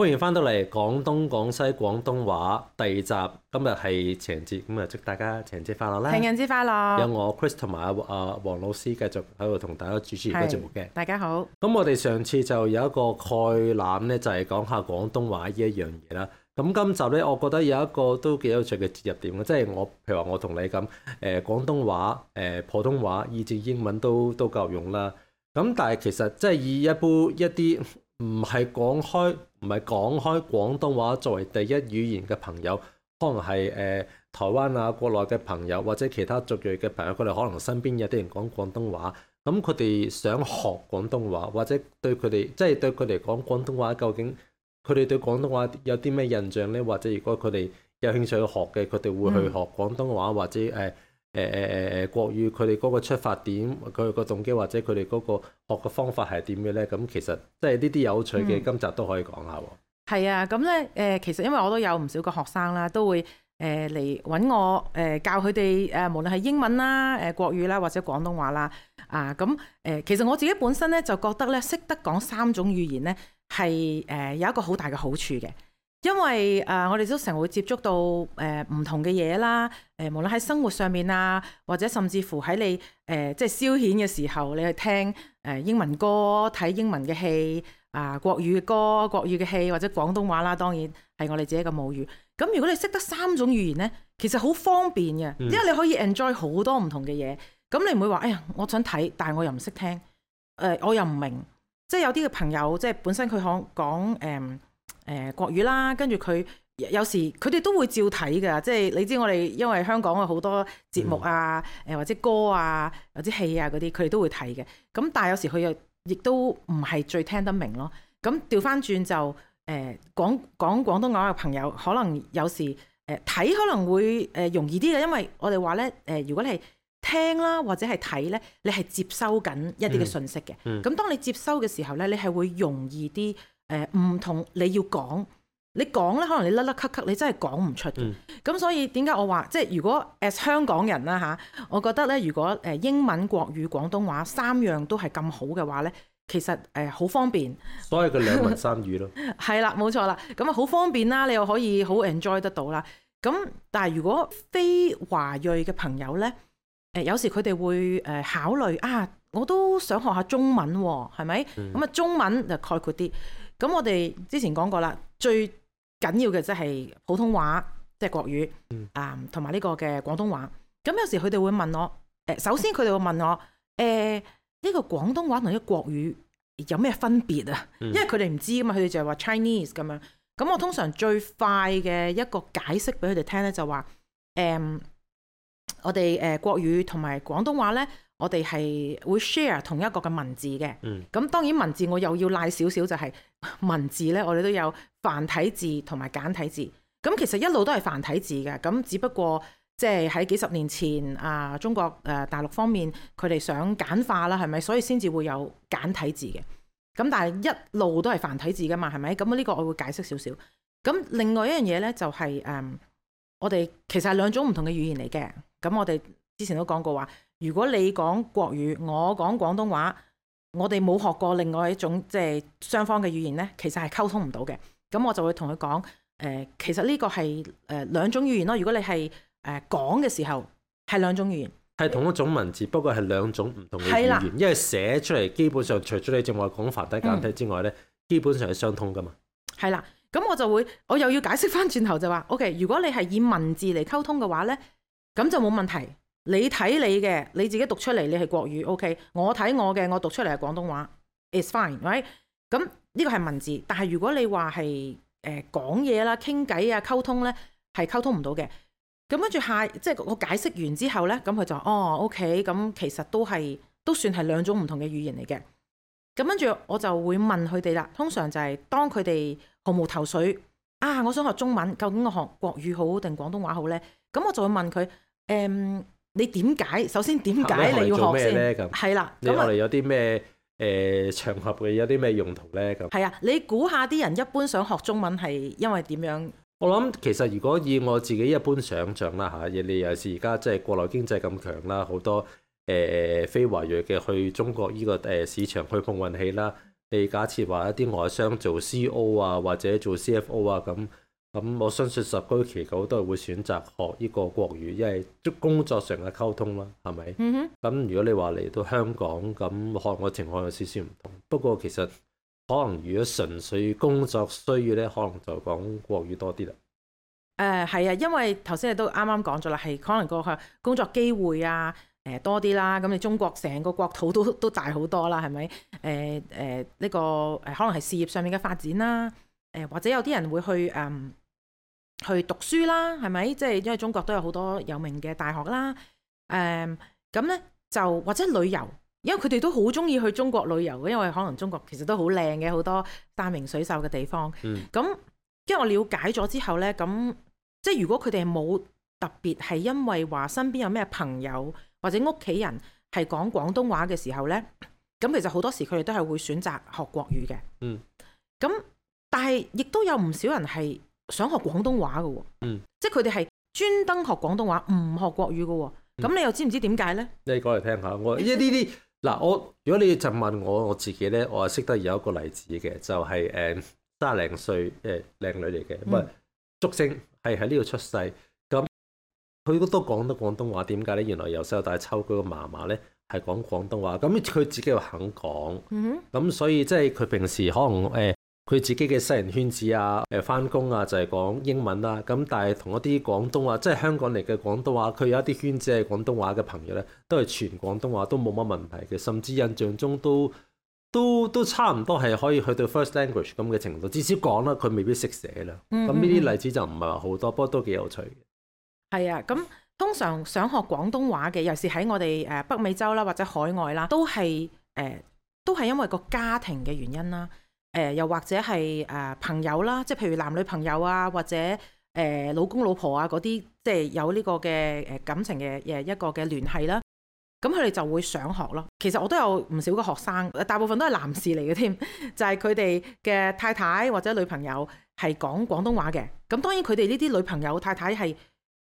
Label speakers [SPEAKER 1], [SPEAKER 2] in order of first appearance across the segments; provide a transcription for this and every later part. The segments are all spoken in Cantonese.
[SPEAKER 1] 歡迎翻到嚟港東港西廣東話第二集，今日係情人節，咁啊祝大家情人節快樂啦！情人
[SPEAKER 2] 節快樂！有
[SPEAKER 1] 我 Chris 同阿阿黃老師繼續喺度同大家主持而家節目嘅。是大家好。咁我哋上次就有一個概覽咧，就係、是、講下廣東話呢一樣嘢啦。咁今集咧，我覺得有一個都幾有趣嘅節入點啦，即、就、係、是、我譬如話我同你咁誒、呃、廣東話、誒、呃、普通話、以至英文都都夠用啦。咁但係其實即係以一般一啲。 唔係講開，唔係講開廣東話作為第一語言嘅朋友，可能係誒、呃、台灣啊、國內嘅朋友，或者其他族裔嘅朋友，佢哋可能身邊有啲人講廣東話，咁佢哋想學廣東話，或者對佢哋，即、就、係、是、對佢嚟講廣東話究竟，佢哋對廣東話有啲咩印象呢？或者如果佢哋有興趣去學嘅，佢哋會去學廣東話，或者誒、呃誒誒誒誒，國語佢哋嗰個出發點，佢個動機或者佢哋嗰個學嘅方法係點嘅咧？咁其實即係呢啲有趣嘅，嗯、今集都可以講下。
[SPEAKER 2] 係啊，咁咧誒，其實因為我都有唔少個學生啦，都會誒嚟搵我誒教佢哋誒，無論係英文啦、誒國語啦或者廣東話啦啊，咁、嗯、誒，其實我自己本身咧就覺得咧，識得講三種語言咧係誒有一個好大嘅好處嘅。因為誒、呃，我哋都成日會接觸到誒唔、呃、同嘅嘢啦。誒、呃，無論喺生活上面啊，或者甚至乎喺你誒、呃、即係消遣嘅時候，你去聽誒英文歌、睇英文嘅戲啊，國語嘅歌、國語嘅戲或者廣東話啦，當然係我哋自己嘅母語。咁如果你識得三種語言呢，其實好方便嘅，因為你可以 enjoy 好多唔同嘅嘢。咁你唔會話，哎呀、呃，我想睇，但係我又唔識聽，誒、呃，我又唔明。即係有啲嘅朋友，即係本身佢講講誒。嗯誒、呃、國語啦，跟住佢有時佢哋都會照睇㗎，即係你知我哋因為香港嘅好多節目啊，誒、呃、或者歌啊，或者戲啊嗰啲，佢哋都會睇嘅。咁但係有時佢又亦都唔係最聽得明咯。咁調翻轉就誒、呃、講講廣東話嘅朋友，可能有時誒睇、呃、可能會誒容易啲嘅，因為我哋話咧誒，如果你係聽啦或者係睇咧，你係接收緊一啲嘅信息嘅。咁、嗯嗯、當你接收嘅時候咧，你係會容易啲。誒唔同你要講，你講咧可能你甩甩咳咳，你真係講唔出咁、嗯、所以點解我話即係如果 as 香港人啦嚇，我覺得咧，如果誒英文、國語、廣東話三樣都係咁好嘅話咧，其實誒好方便。
[SPEAKER 1] 所以佢兩文三語咯。
[SPEAKER 2] 係啦， 冇錯啦，咁啊好方便啦，你又可以好 enjoy 得到啦。咁但係如果非華裔嘅朋友咧，誒有時佢哋會誒考慮啊，我都想學下中文喎，係咪？咁啊、嗯、中文就概括啲。咁我哋之前講過啦，最緊要嘅即係普通話，即係國語，啊，同埋呢個嘅廣東話。咁有時佢哋會問我，誒，首先佢哋會問我，誒，呢個廣東話同一個國語有咩分別啊？因為佢哋唔知噶嘛，佢哋就係話 Chinese 咁樣。咁我通常最快嘅一個解釋俾佢哋聽咧，就話誒，我哋誒國語同埋廣東話咧。我哋係會 share 同一個嘅文字嘅，咁、嗯、當然文字我又要賴少少，就係文字咧，我哋都有繁體字同埋簡體字。咁其實一路都係繁體字嘅，咁只不過即係喺幾十年前啊，中國誒、啊、大陸方面佢哋想簡化啦，係咪？所以先至會有簡體字嘅。咁但係一路都係繁體字噶嘛，係咪？咁呢個我會解釋少少。咁另外一樣嘢咧，就係、是、誒、嗯、我哋其實係兩種唔同嘅語言嚟嘅。咁我哋之前都講過話。如果你講國語，我講廣東話，我哋冇學過另外一種，即係雙方嘅語言呢，其實係溝通唔到嘅。咁我就會同佢講，誒、呃，其實呢個係誒兩種語言咯。如果你係誒講嘅時候，係兩種語言，
[SPEAKER 1] 係同一種文字，不過係兩種唔同嘅語言，的因為寫出嚟，基本上除咗你正話講繁體簡體之外呢，嗯、基本上係相通噶嘛。
[SPEAKER 2] 係啦，咁我就會，我又要解釋翻轉頭就話，OK，如果你係以文字嚟溝通嘅話呢，咁就冇問題。你睇你嘅，你自己讀出嚟，你係國語，OK。我睇我嘅，我讀出嚟係廣東話，It's fine，right？咁呢個係文字，但係如果你、呃、講話係誒講嘢啦、傾偈啊、溝通咧，係溝通唔到嘅。咁跟住下，即係我解釋完之後咧，咁佢就哦，OK。咁其實都係都算係兩種唔同嘅語言嚟嘅。咁跟住我就會問佢哋啦。通常就係當佢哋毫無頭緒啊，我想學中文，究竟我學國語好定廣東話好咧？咁我就會問佢，誒、嗯。你點解？首先點解你要學先？係啦，你落嚟
[SPEAKER 1] 有啲咩誒場合嘅？有啲咩用途咧？咁係
[SPEAKER 2] 啊！你估下啲人一般想學中文係因為點樣？我諗
[SPEAKER 1] 其實如果以我自己一般想象啦吓，尤其係而家即係國內經濟咁強啦，好多誒非華裔嘅去中國呢個誒市場去碰運氣啦。你假設話一啲外商做 CEO 啊，或者做 C.F.O. 啊咁。咁我相信十居其九都係會選擇學呢個國語，因為工作上嘅溝通啦，係咪？咁如果你話嚟到香港，咁可能個情況有少少唔同。不過其實可能如果純粹工作需要咧，可能就講國語多啲啦。
[SPEAKER 2] 誒、嗯，係啊，因為頭先你都啱啱講咗啦，係可能個工作機會啊，誒、呃、多啲啦。咁你中國成個國土都都大好多啦，係咪？誒、呃、誒，呢、呃這個、呃、可能係事業上面嘅發展啦。誒、呃，或者有啲人會去誒。嗯去讀書啦，係咪？即係因為中國都有好多有名嘅大學啦。誒、嗯，咁呢就或者旅遊，因為佢哋都好中意去中國旅遊。因為可能中國其實都好靚嘅，好多山明水秀嘅地方。嗯。咁，因為我了解咗之後呢，咁即係如果佢哋冇特別係因為話身邊有咩朋友或者屋企人係講廣東話嘅時候呢，咁其實好多時佢哋都係會選擇學國語嘅。嗯。咁，但係亦都有唔少人係。想學廣東話嘅喎，嗯，即係佢哋係專登學廣東話，唔學國語嘅喎。咁、嗯、你又知唔知點解咧？
[SPEAKER 1] 你講嚟聽下，我即呢啲嗱，我如果你就問我我自己咧，我係識得有一個例子嘅，就係、是、誒三零歲誒靚、呃、女嚟嘅，唔係、嗯，竹升係喺呢度出世，咁佢都講得廣東話，點解咧？原來由細到大秋呢，抽佢個嫲嫲咧係講廣東話，咁佢自己又肯講，咁、嗯、哼所以即係佢平時可能誒。呃呃佢自己嘅私人圈子啊，誒返工啊，就係、是、講英文啦、啊。咁但係同一啲廣東話，即係香港嚟嘅廣東話，佢有一啲圈子係廣東話嘅朋友咧，都係全廣東話都冇乜問題嘅，甚至印象中都都都差唔多係可以去到 first language 咁嘅程度，至少講啦，佢未必識寫啦。咁呢啲例子就唔係話好多，不過都幾有趣嘅。
[SPEAKER 2] 係、嗯嗯嗯、啊，咁通常想學廣東話嘅，尤其是喺我哋誒、呃、北美洲啦，或者海外啦，都係誒、呃、都係因為個家庭嘅原因啦。誒、呃，又或者係誒、呃、朋友啦，即係譬如男女朋友啊，或者誒、呃、老公老婆啊嗰啲，即係有呢個嘅誒感情嘅嘅一個嘅聯繫啦。咁佢哋就會想學咯。其實我都有唔少個學生，大部分都係男士嚟嘅添， 就係佢哋嘅太太或者女朋友係講廣東話嘅。咁當然佢哋呢啲女朋友太太係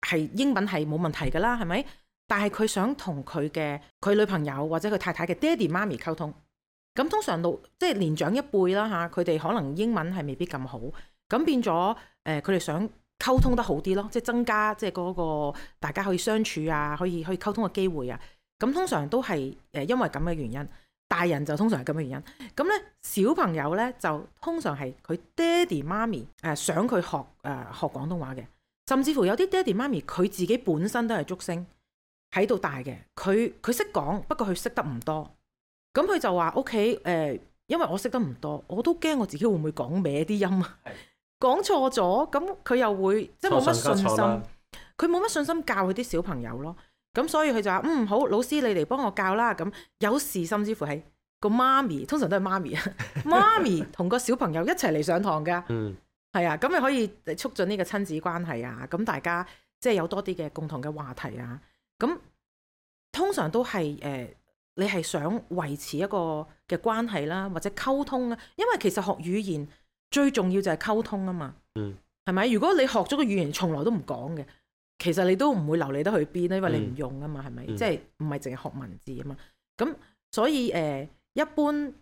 [SPEAKER 2] 係英文係冇問題噶啦，係咪？但係佢想同佢嘅佢女朋友或者佢太太嘅爹哋媽咪溝通。咁通常老即係年長一輩啦吓，佢哋可能英文係未必咁好，咁變咗誒佢哋想溝通得好啲咯，即係增加即係嗰個大家可以相處啊，可以可以溝通嘅機會啊。咁通常都係誒因為咁嘅原因，大人就通常係咁嘅原因。咁咧小朋友咧就通常係佢爹哋媽咪誒想佢學誒學廣東話嘅，甚至乎有啲爹哋媽咪佢自己本身都係竹升，喺度大嘅，佢佢識講，不過佢識得唔多。咁佢就話：，OK，誒、呃，因為我識得唔多，我都驚我自己會唔會講歪啲音啊，講 錯咗，咁佢又會上即係冇乜信心，佢冇乜信心教佢啲小朋友咯。咁所以佢就話：，嗯，好，老師你嚟幫我教啦。咁有時甚至乎係個媽咪，通常都係媽咪啊， 媽咪同個小朋友一齊嚟上堂㗎，係啊， 咁你可以促進呢個親子關係啊。咁大家即係有多啲嘅共同嘅話題啊。咁通常都係誒。呃你係想維持一個嘅關係啦，或者溝通啊，因為其實學語言最重要就係溝通啊嘛，嗯，係咪？如果你學咗個語言從來都唔講嘅，其實你都唔會流利得去邊咧，因為你唔用啊嘛，係咪、嗯？即係唔係淨係學文字啊嘛？咁所以誒、呃，一般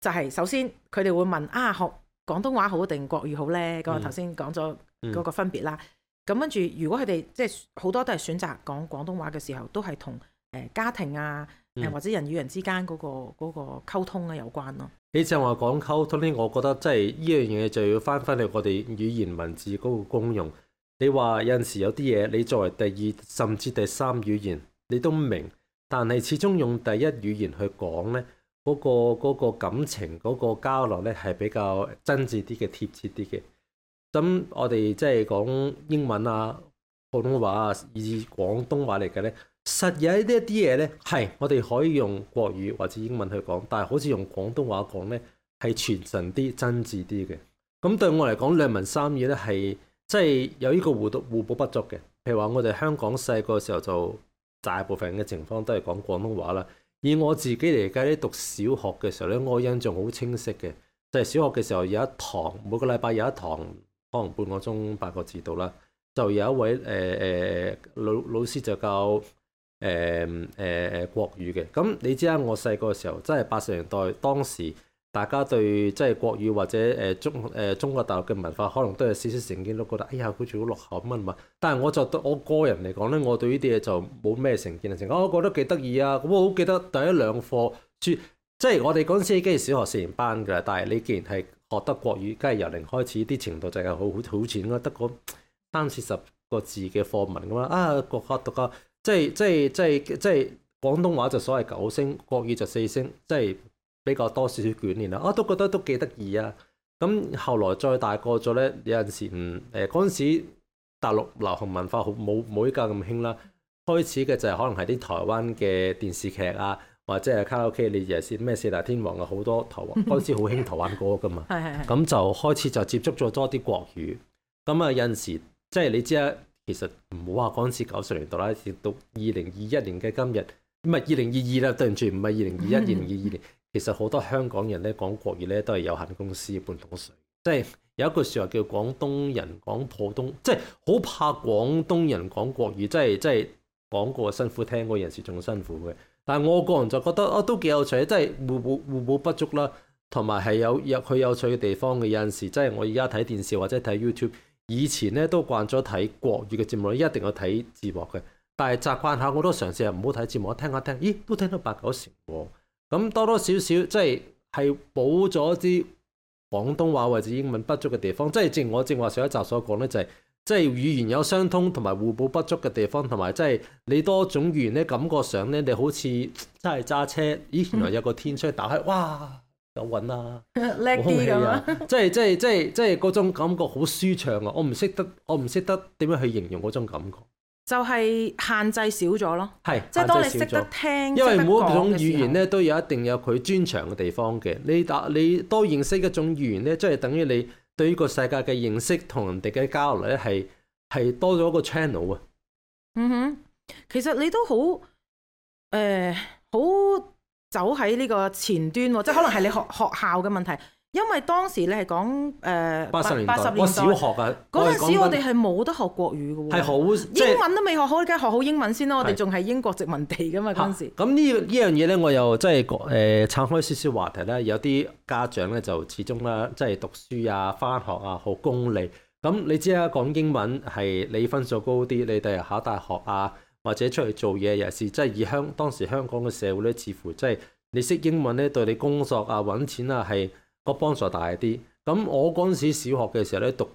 [SPEAKER 2] 就係首先佢哋會問啊，學廣東話好定國語好咧？咁啊頭先講咗嗰個分別啦。咁、嗯嗯、跟住如果佢哋即係好多都係選擇講廣東話嘅時候，都係同誒家庭啊。或者人與人之間嗰個嗰個溝通啊有關咯。
[SPEAKER 1] 你正話講溝通咧，我覺得即係依樣嘢就要翻返嚟我哋語言文字嗰個功用。你話有陣時有啲嘢，你作為第二甚至第三語言，你都明，但係始終用第一語言去講咧，嗰個嗰個感情嗰個交流咧係比較真摯啲嘅、貼切啲嘅。咁我哋即係講英文啊、普通話啊，以廣東話嚟嘅咧。實有呢一啲嘢咧，係我哋可以用國語或者英文去講，但係好似用廣東話講咧，係傳神啲、真摯啲嘅。咁對我嚟講，兩文三語咧係即係有呢個互補、互補不足嘅。譬如話，我哋香港細個時候就大部分嘅情況都係講廣東話啦。以我自己嚟計咧，讀小學嘅時候咧，我印象好清晰嘅。細、就係、小學嘅時候有一堂，每個禮拜有一堂，可能半個鐘、八個字到啦，就有一位誒誒、呃呃、老老師就教。誒誒誒國語嘅，咁你知啦，我細個嘅時候真係八十年代，當時大家對即係國語或者誒中誒、呃、中國大陸嘅文化，可能都有少少成見，都覺得哎呀，好似好落後咁啊嘛。但係我就對我個人嚟講咧，我對呢啲嘢就冇咩成見啊，成我覺得幾得意啊。咁我好記得第一兩課即係我哋嗰陣時已經係小學四年班嘅啦。但係你既然係學得國語，梗係由零開始，啲程度就係好好好淺咯，得嗰三四十個字嘅課文咁啊，國學讀啊。即係即係即係即係廣東話就所謂九聲，國語就四聲，即係比較多少少捲連啦。我、啊、都覺得都幾得意啊。咁、嗯、後來再大個咗咧，有陣時唔誒嗰陣時大陸流行文化好冇冇依家咁興啦。開始嘅就係可能係啲台灣嘅電視劇啊，或者係卡拉 OK，你又先咩四大天王啊，好多台灣嗰陣時好興台灣歌噶嘛。咁 就開始就接觸咗多啲國語。咁、嗯、啊、嗯、有陣時即係你知啦。其實唔好話嗰陣時九十年代啦，直到二零二一年嘅今日，唔係二零二二啦，對唔住，唔係二零二一、二零二二年。其實好多香港人咧講國語咧都係有限公司半桶水，即係有一句説話叫廣東人講普通，即係好怕廣東人講國語，即係即係講過辛苦聽過人士仲辛苦嘅。但係我個人就覺得哦，都幾有趣，即係互補互補不足啦，同埋係有有佢有趣嘅地方嘅。有陣時即係我而家睇電視或者睇 YouTube。以前咧都慣咗睇國語嘅節目，一定要睇字幕嘅。但係習慣下，我都嘗試係唔好睇字幕。聽下聽，咦都聽到八九成喎，哦。咁多多少少即係係補咗啲廣東話或者英文不足嘅地方。即係正如我正話上一集所講咧，就係、是、即係語言有相通同埋互補不足嘅地方，同埋即係你多種語言咧，感覺上咧你好似真係揸車，咦原來有個天窗打開，哇！好揾啦，
[SPEAKER 2] 叻啲咁啊！ 即係
[SPEAKER 1] 即係即係即係嗰種感覺好舒暢啊！我唔識得，我唔識得點樣去形容嗰種感覺。
[SPEAKER 2] 就係限制少咗咯，
[SPEAKER 1] 係即係當你識得聽， 因為每一種語言咧都有一定有佢專長嘅地方嘅。你達你多認識一種語言咧，即係等於你對於個世界嘅認識同人哋嘅交流咧，係係多咗一個 channel 啊。嗯哼，
[SPEAKER 2] 其實你都好誒，好、呃。走喺呢個前端，即係可能係你學學校嘅問題，因為當時你係講誒八十年代，我小學啊，嗰陣時我哋係冇得學國語嘅，係
[SPEAKER 1] 學、就是、英
[SPEAKER 2] 文都未學好，梗係學好英文先咯。是我哋仲係英國殖民地噶嘛，嗰陣是時。
[SPEAKER 1] 咁呢呢樣嘢咧，我又真係誒，撐、呃、開少少話題啦。有啲家長咧就始終啦，即係讀書啊、翻學啊、學功利。咁你知啦，講英文係你分數高啲，你哋考大學啊。或者出去做嘢，又是即係以香當時香港嘅社會咧，似乎即係你識英文咧，對你工作啊、揾錢啊係個幫助大啲。咁我嗰陣時小學嘅時候咧，讀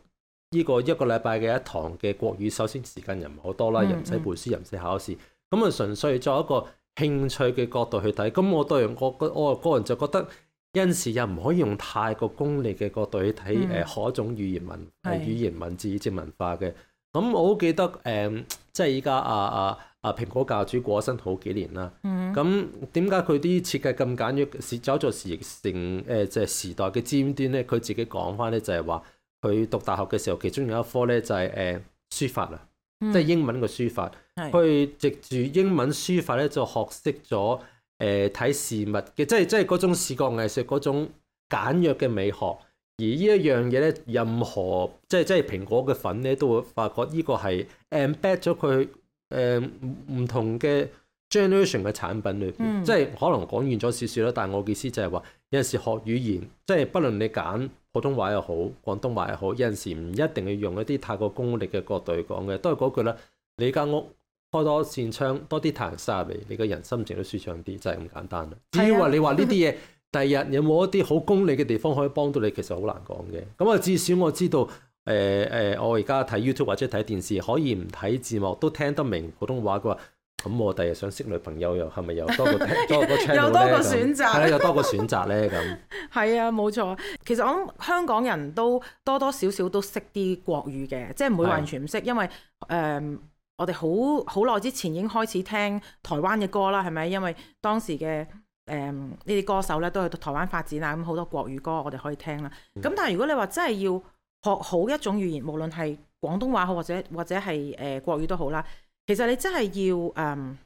[SPEAKER 1] 呢個一個禮拜嘅一堂嘅國語，首先時間又唔好多啦，又唔使背書，又唔使考試，咁啊、嗯、純粹作一個興趣嘅角度去睇。咁我對我個我，我個人就覺得，有時又唔可以用太過功利嘅角度去睇誒何種語言文的語言文字以至文化嘅。咁我好記得誒、嗯，即係依家啊啊啊蘋果教主過咗身好幾年啦。咁點解佢啲設計咁簡約，走在時亦成誒即係時代嘅尖端咧？佢自己講翻咧就係話，佢讀大學嘅時候，其中有一科咧就係誒書法啦，即係英文嘅書法。佢、就是 mm hmm. 藉住英文書法咧、呃，就學識咗誒睇事物嘅，即係即係嗰種視覺藝術嗰種簡約嘅美學。而呢一樣嘢咧，任何即係即係蘋果嘅粉咧，都會發覺呢個係 embed 咗佢誒唔同嘅 generation 嘅產品裏邊，嗯、即係可能講完咗少少啦。但係我嘅意思就係話，有陣時學語言，即係不論你揀普通話又好，廣東話又好，有陣時唔一定要用一啲太過功利嘅角度去講嘅，都係嗰句啦。你間屋開多扇窗，多啲太陽曬入嚟，你個人心情都舒暢啲，就係、是、咁簡單啦。只要話你話呢啲嘢。 第日有冇一啲好功利嘅地方可以幫到你，其實好難講嘅。咁啊，至少我知道，誒、呃、誒、呃，我而家睇 YouTube 或者睇電視，可以唔睇字幕都聽得明普通話嘅話。咁我第日想識女朋友又係咪又多個 多個又多個 choice 係啦，又 多個選擇咧。 咁
[SPEAKER 2] 係 啊，冇錯。其實我諗香港人都多多少少都識啲國語嘅，即係唔會話完全唔識，的因為誒、呃，我哋好好耐之前已經開始聽台灣嘅歌啦，係咪？因為當時嘅。誒，呢啲、嗯、歌手咧都去台灣發展啦，咁好多國語歌我哋可以聽啦。咁、嗯、但係如果你話真係要學好一種語言，無論係廣東話好，或者或者係誒國語都好啦，其實你真係要誒、呃、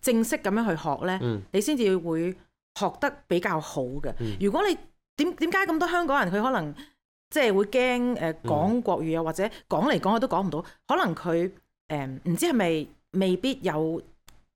[SPEAKER 2] 正式咁樣去學咧，嗯、你先至會學得比較好嘅。嗯、如果你點點解咁多香港人佢可能即係、就是、會驚誒講國語啊，嗯、或者講嚟講去都講唔到，可能佢誒唔知係咪未必有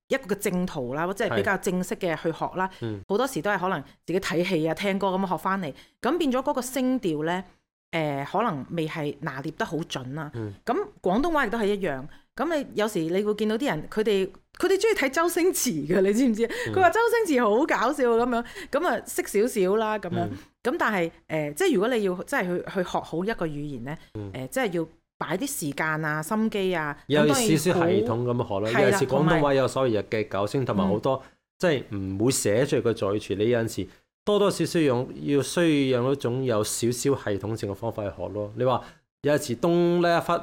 [SPEAKER 2] 一個嘅正途啦，或者係比較正式嘅去學啦，好的多時都係可能自己睇戲啊、聽歌咁學翻嚟，咁變咗嗰個聲調呢，誒、呃，可能未係拿捏得好準啦。咁廣、嗯、東話亦都係一樣。咁你有時你會見到啲人，佢哋佢哋中意睇周星馳嘅，你知唔知？佢話、嗯、周星馳好搞笑咁樣，咁啊識少少啦咁樣。咁、嗯、但係誒、呃，即係如果你要真係去去學好一個語言呢，誒、嗯呃，即係要。擺啲時間啊、心機啊，有少少系統
[SPEAKER 1] 咁樣學咯。有陣時廣東話有所謂有日嘅九聲同埋好多、嗯、即係唔會寫出嚟嘅嘴處。你有陣時多多少少用，要需要用一種有少少系統性嘅方法去學咯。你話有陣時東拉一忽，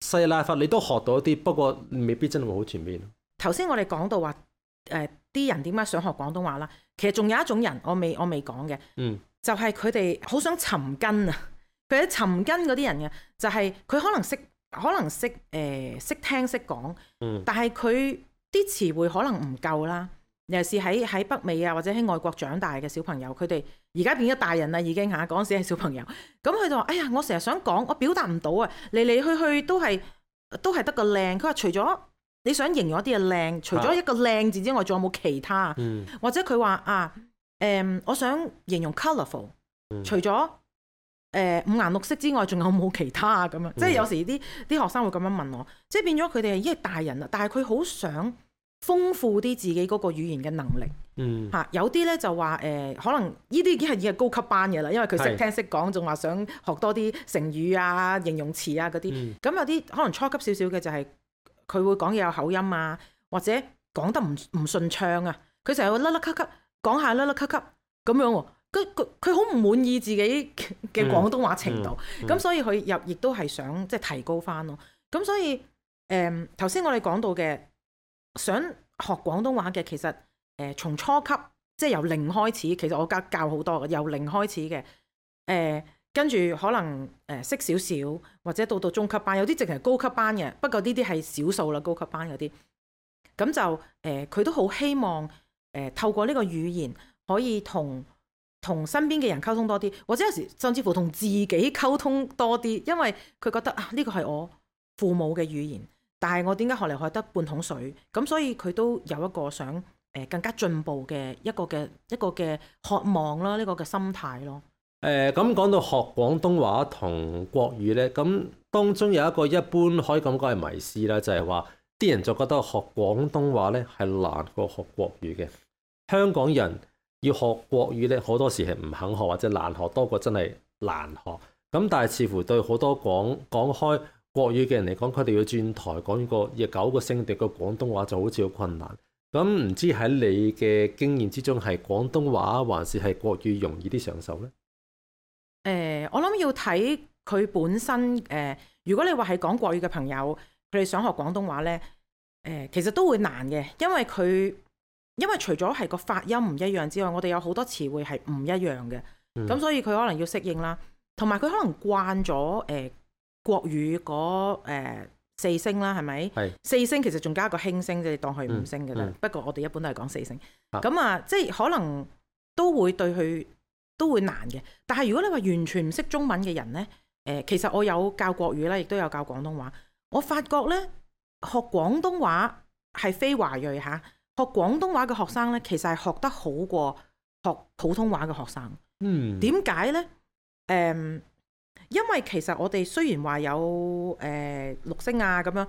[SPEAKER 1] 西拉一忽，你都學到一啲，不過未必真係會好全面。
[SPEAKER 2] 頭先我哋講到話，誒、呃，啲人點解想學廣東話啦？其實仲有一種人，我未我未講嘅，嗯就，就係佢哋好想尋根啊。佢係尋根嗰啲人嘅，就係、是、佢可能識，可能識誒識聽識講，嗯、但係佢啲詞彙可能唔夠啦。尤其是喺喺北美啊或者喺外國長大嘅小朋友，佢哋而家變咗大人啦已經吓，嗰、啊、時係小朋友，咁佢就話：哎呀，我成日想講，我表達唔到啊，嚟嚟去去都係都係得個靚。佢話除咗你想形容一啲嘅靚，除咗一個靚字之外，仲有冇其他？嗯、或者佢話啊，誒、呃，我想形容 colourful，除咗、嗯。誒，五顏六色之外，仲有冇其他咁啊？即係有時啲啲學生會咁樣問我，即係變咗佢哋係已經係大人啦，但係佢好想豐富啲自己嗰個語言嘅能力。嗯，吓有啲咧就話誒，可能呢啲已經係已係高級班嘅啦，因為佢識聽識講，仲話想學多啲成語啊、形容詞啊嗰啲。咁有啲可能初級少少嘅就係佢會講嘢有口音啊，或者講得唔唔順暢啊，佢成日會甩甩咳咳，講下甩甩咳咳咁樣。佢佢好唔滿意自己嘅廣東話程度，咁、嗯嗯、所以佢又亦都係想即係提高翻咯。咁、嗯、所以誒頭先我哋講到嘅想學廣東話嘅，其實誒、呃、從初級即係由零開始，其實我家教好多嘅，由零開始嘅。誒跟住可能誒、呃、識少少，或者到到中級班，有啲淨係高級班嘅。不過呢啲係少數啦，高級班嗰啲。咁就誒佢、呃、都好希望誒、呃、透過呢個語言可以同。同身邊嘅人溝通多啲，或者有時甚至乎同自己溝通多啲，因為佢覺得啊呢個係我父母嘅語言，但係我點解學嚟學得半桶水？咁所以佢都有一個想誒、呃、更加進步嘅一個嘅一個嘅渴望啦，呢個嘅心態咯。
[SPEAKER 1] 誒咁、呃、講到學廣東話同國語呢，咁當中有一個一般可以咁講係迷思啦，就係話啲人就覺得學廣東話呢係難過學國語嘅香港人。要學國語咧，好多時係唔肯學或者難學多過真係難學。咁但係似乎對好多講講開國語嘅人嚟講，佢哋要轉台講個廿九個聲調嘅廣東話就好似好困難。咁唔知喺你嘅經驗之中，係廣東話還是係國語容易啲上手
[SPEAKER 2] 呢？誒、呃，我諗要睇佢本身誒、呃，如果你話係講國語嘅朋友，佢哋想學廣東話呢、呃，其實都會難嘅，因為佢。因為除咗係個發音唔一樣之外，我哋有好多詞彙係唔一樣嘅，咁、嗯、所以佢可能要適應啦。同埋佢可能慣咗誒、呃、國語嗰、呃、四聲啦，係咪？是四聲其實仲加一個輕聲，即係當佢五聲嘅啦。嗯嗯、不過我哋一般都係講四聲。咁啊、嗯，即係可能都會對佢都會難嘅。但係如果你話完全唔識中文嘅人呢，誒、呃，其實我有教國語啦，亦都有教廣東話。我發覺呢，學廣東話係非華裔吓。學廣東話嘅學生咧，其實係學得好過學普通話嘅學生。嗯，點解咧？誒、嗯，因為其實我哋雖然話有誒、呃、六聲啊咁樣，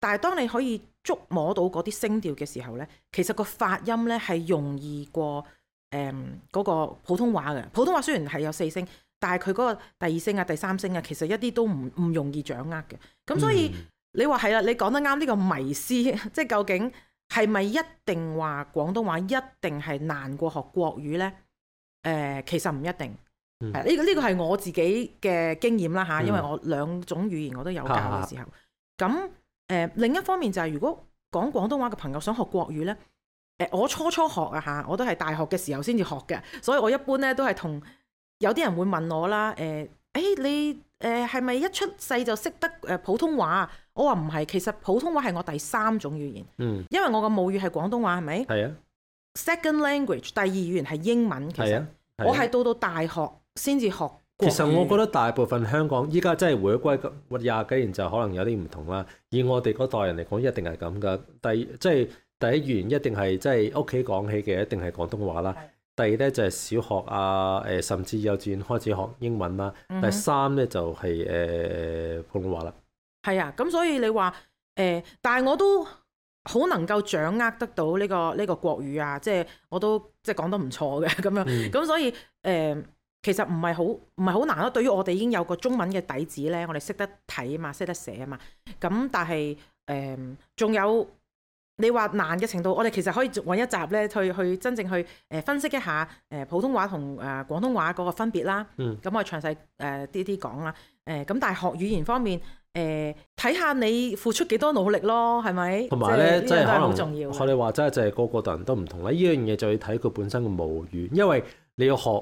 [SPEAKER 2] 但係當你可以觸摸到嗰啲聲調嘅時候咧，其實個發音咧係容易過誒嗰、嗯，那個普通話嘅。普通話雖然係有四聲，但係佢嗰個第二聲啊、第三聲啊，其實一啲都唔唔容易掌握嘅。咁所以、嗯、你話係啦，你講得啱，呢個迷思即係究竟。係咪一定話廣東話一定係難過學國語呢？誒、呃，其實唔一定。呢個呢個係我自己嘅經驗啦吓，因為我兩種語言我都有教嘅時候。咁誒哈、呃，另一方面就係、是、如果講廣東話嘅朋友想學國語呢，誒、呃，我初初學啊吓，我都係大學嘅時候先至學嘅，所以我一般呢都係同有啲人會問我啦。誒、呃、誒、欸，你誒係咪一出世就識得誒普通話？我話唔係，其實普通話係我第三種語言，嗯、因為我嘅母語係廣東話，係咪？係啊。Second language 第二語言係英文，其實、啊啊、我係到到大學先至學。其實我覺得
[SPEAKER 1] 大部分香港依家真係回歸廿幾年就可能有啲唔同啦。以我哋嗰代人嚟講，一定係咁噶。第即係、就係、第一語言一定係即係屋企講起嘅，一定係廣東話啦。是第二呢，就係小學啊，誒，甚至幼稚園開始學英文啦。第三呢、就係，就係誒普通話啦。
[SPEAKER 2] 係啊，咁所以你話誒、呃，但係我都好能夠掌握得到呢、個呢、個國語啊，即係我都即係講得唔錯嘅咁樣，咁所以誒，其實唔係好唔係好難咯。對於我哋已經有個中文嘅底子咧，我哋識得睇啊嘛，識得寫啊嘛，咁但係誒仲有你話難嘅程度，我哋其實可以揾一集咧去去真正去誒分析一下誒普通話同誒廣東話嗰個分別啦。咁、嗯、我詳細誒啲啲講啦。誒、呃、咁但係學語言方面。誒，睇下、呃、你付出幾多努力咯，係咪？同埋咧，即係可能，真係好重要。我
[SPEAKER 1] 哋話齋，就係個個人都唔同啦。呢樣嘢就要睇佢本身嘅母語，因為你要學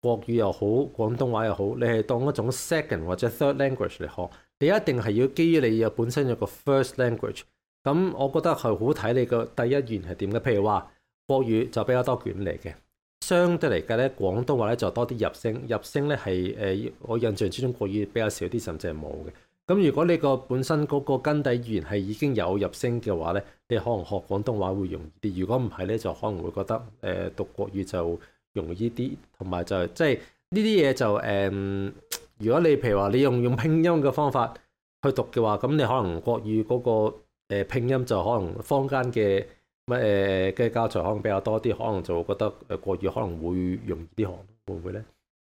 [SPEAKER 1] 國語又好，廣東話又好，你係當一種 second 或者 third language 嚟學，你一定係要基於你有本身有個 first language。咁我覺得係好睇你個第一語言係點嘅。譬如話國語就比較多捲嚟嘅，相對嚟計咧，廣東話咧就多啲入聲。入聲咧係誒，我印象之中國語比較少啲，甚至係冇嘅。咁如果你個本身嗰個根底語言係已經有入聲嘅話咧，你可能學廣東話會容易啲。如果唔係咧，就可能會覺得誒讀國語就容易啲，同埋就係、即係呢啲嘢就誒、嗯，如果你譬如話你用用拼音嘅方法去讀嘅話，咁你可能國語嗰個誒拼音就可能坊間嘅乜誒嘅教材可能比較多啲，可能就會覺得誒國語可能會容易啲學，會唔會咧？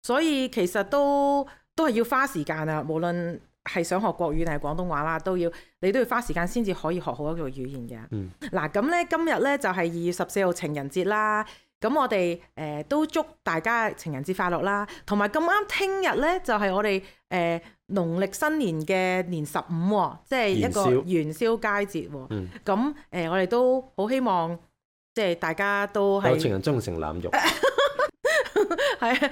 [SPEAKER 2] 所以其實都都係要花時間啊，無論。係想學國語定係廣東話啦，都要你都要花時間先至可以學好一個語言嘅。嗱、嗯，咁呢今日呢，就係二月十四號情人節啦。咁我哋誒都祝大家情人節快樂啦。同埋咁啱，聽日呢，就係我哋誒農曆新年嘅年十五，即係一個元宵佳節。嗯。咁誒，我哋都好希望即係大家都係情人終
[SPEAKER 1] 成眷屬。
[SPEAKER 2] 係 啊，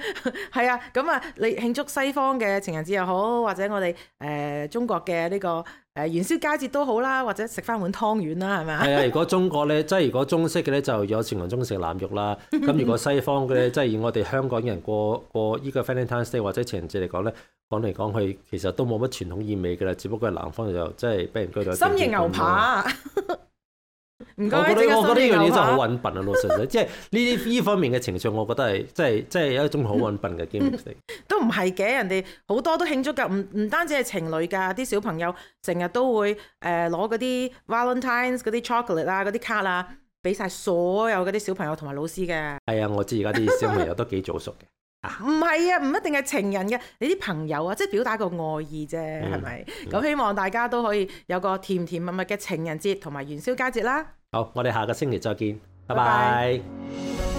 [SPEAKER 2] 係啊，咁啊，你慶祝西方嘅情人節又好，或者我哋誒、呃、中國嘅呢、這個誒、呃、元宵佳節都好啦，或者食翻碗湯圓啦，係咪啊？係啊，如
[SPEAKER 1] 果中國咧，即係如果中式嘅咧，就有情人中式腩肉啦。咁如果西方嘅咧， 即係以我哋香港人過過依個 Valentine's Day 或者情人節嚟講咧，講嚟講去其實都冇乜傳統意味嘅啦，只不過係南方就真係俾人叫做心形牛扒。
[SPEAKER 2] 唔該我覺得呢樣嘢真係好穩
[SPEAKER 1] 笨啊， 老實即係呢啲呢方面嘅情緒，我覺得係即係即係一種好穩笨嘅經歷嚟。
[SPEAKER 2] 都唔係嘅，人哋好多都慶祝㗎，唔唔單止係情侶㗎，啲小朋友成日都會誒攞嗰啲 Valentine 嗰啲 chocolate 啊、嗰、呃、啲卡啊，俾晒所有嗰啲小朋友同埋老師嘅。
[SPEAKER 1] 係 啊， 我知而家啲小朋友都幾早熟嘅。
[SPEAKER 2] 唔係啊，唔一定係情人嘅，你啲朋友啊，即係表達個愛意啫，係咪、嗯？咁、嗯、希望大家都可以有個甜甜蜜蜜嘅情人節同埋元宵佳節啦。
[SPEAKER 1] 好，我哋下個星期再見，拜拜。拜拜。